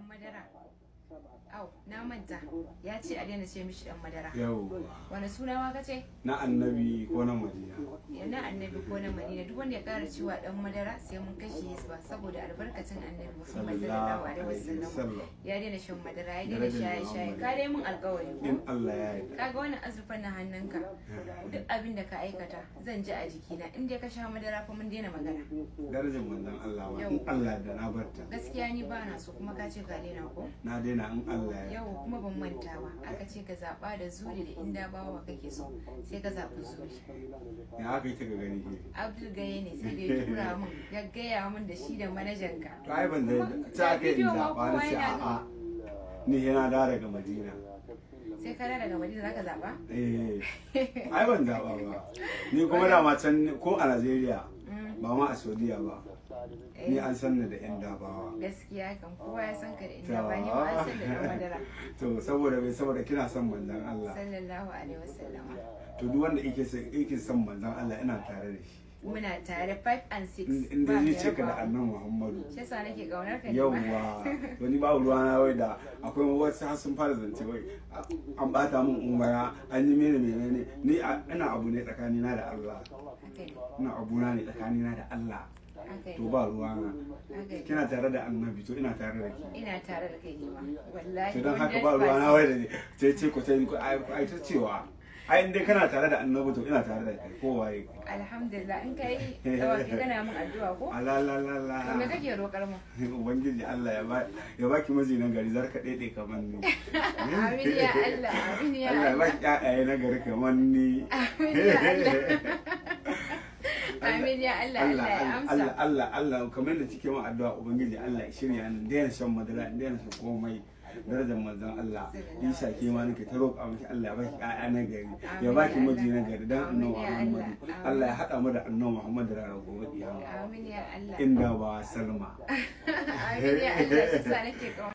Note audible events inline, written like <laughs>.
dan madara au na manta ya ce a daina ce mishi dan madara wane wani suna ma ce. na annabi ko na madina na annabi ko na madina duk wanda ya kara cewa dan madara sai mun kashe ba saboda albarkacin annabi muhammad sallallahu alaihi wasallam ya daina shan madara ya daina shaye shaye ka dai mun alkawari in Allah ya yarda kaga wannan azurfan na hannunka duk abin da ka aikata zan ji a jikina in dai ka sha madara fa mun daina magana darajar manzon Allah wa in Allah da na barta gaskiya ni ba na so kuma ka ce ka daina ko na daina in Allah ya yau kuma ban manta ba aka ce ka zaba da zuri da inda bawa kake so sai ka zabi zuri ya haka suka gani ke abdul ne sai tura ya gaya mun da shi da manajan ka to ai ban da ta kai in zaba na ce a'a ni yana da daga madina sai ka daga madina zaka zaba eh ai ban ba ni kuma da ma ko a najeriya ba ma a saudiya ba ni an san ni da yan dabawa gaskiya kan kowa ya san ka da inda ba ni ma an san da madara <laughs> to saboda bai saboda kina son manzon Allah sallallahu alaihi wasallam to duk wanda yake son manzon Allah ina tare da shi muna tare 5 and 6 inda zai ce ka da annan muhammadu shi yasa nake kaunar ka yawwa wani ba ruwa na wai da akwai wasu har sun fara zance wai an bata min umara an yi mene mene ne ni ina abu ne tsakanina da Allah ina abu na ne tsakanina da Allah to ba ruwa na kina tare da annabi to ina tare da ke ina tare da kai ne ma wallahi to dan haka ba ruwa na wai da ne ce ce ko sai ai ta cewa ai in dai kana tare da annabi to ina tare da kai ko waye alhamdulillah in kai tawafi <laughs> eh. kana min addu'a ko ala la la la me kake roƙar mu <laughs> ubangiji Allah ya ba ya baki miji na gari zarka dede kaman ni <laughs> eh. amin ya Allah amin ya Allah Allah ya ayaye na gari kaman ni amin ya Allah amin ya Allah Allah ya amsa Allah Allah Allah kamar da cike mu addu'a ubangiji Allah ya shirya an daina shan madara an daina shan komai darajar manzon Allah Isa ke ma nake ta roƙa miki Allah ya baki ƴaƴa na gari ya baki miji na gari dan annabi Muhammad Allah ya hada mu da annabi Muhammad da ranar gobe kiyama amin ya Allah inda ba Salma <laughs> amin ya Allah sai nake